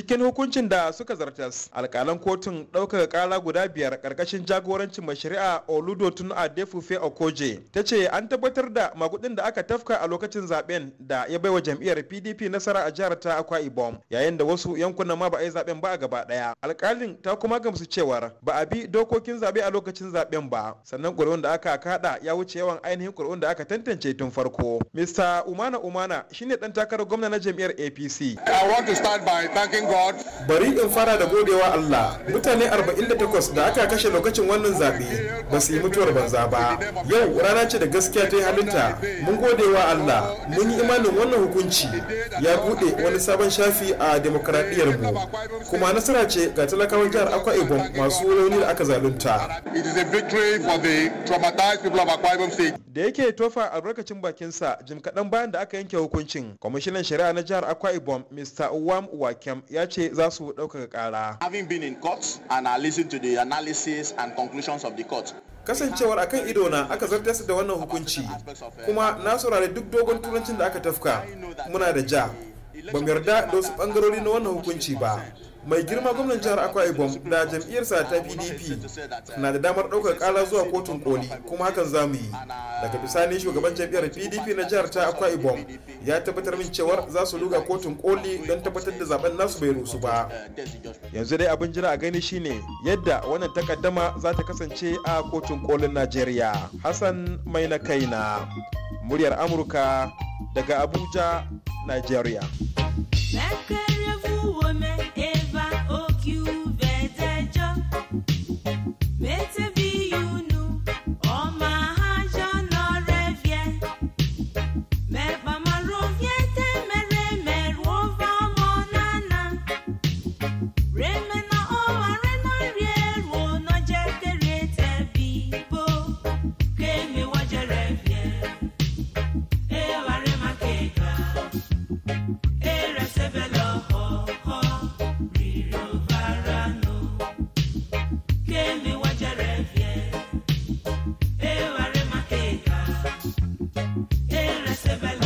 cikin hukuncin da suka zartas alkalan kotun ɗaukaka kala guda biyar ƙarƙashin jagorancin mai shari'a oludotun adefufe okoje ta ce an tabbatar da magudin da aka tafka a lokacin zaben da ya bai wa jam'iyyar pdp nasara a jihar ta akwa ibom yayin da wasu yankunan ma ba a yi zaben ba a gaba ɗaya alkalin ta kuma gamsu cewar ba a bi dokokin zabe a lokacin zaben ba sannan ƙuri'un da aka kada ya wuce yawan ainihin ƙuri'un da aka tantance tun farko mr umana umana shine ɗan takarar gwamna na jam'iyyar apc i want to start by thanking God. Bari in fara da godewa Allah. Mutane 48 da aka kashe lokacin wannan zaɓe ba su yi mutuwar banza ba. Yau rana ce da gaskiya ta yi halitta, Mun godewa Allah. Mun yi imanin wannan hukunci ya buɗe wani sabon shafi a demokradiyyar mu. Kuma nasara ce ga talakawar jihar Akwa Ibom masu rauni da aka zalunta. It is a victory for the traumatized people of Akwa Ibom State. Da yake tofa a albarkacin bakinsa jim kaɗan bayan da aka yanke hukuncin. Kwamishinan Shari'a na jihar Akwa Ibom Mr. Uwam Uwakem ya ya ce za su ɗaukaka ƙara. Having been in court and I listened to the analysis and conclusions of the court. Kasancewar akan na aka zartar da wannan hukunci eh, kuma na saurari duk dogon turancin da aka tafka muna da ja. Ba yarda da wasu bangarori na wannan hukunci ba. mai girma gwamnan jihar akwa ibom da jam'iyyarsa ta pdp na da damar ɗaukar ƙala zuwa kotun koli kuma hakan za mu yi daga bisani shugaban jam'iyyar pdp na jihar ta akwa ibom ya tabbatar min cewar za su luga kotun koli don tabbatar da zaben nasu bai rusu ba yanzu dai abin jira a gani shine yadda wannan takaddama za ta kasance a kotun kolin najeriya hassan mai na kai na muryar amurka daga abuja najeriya Isabel.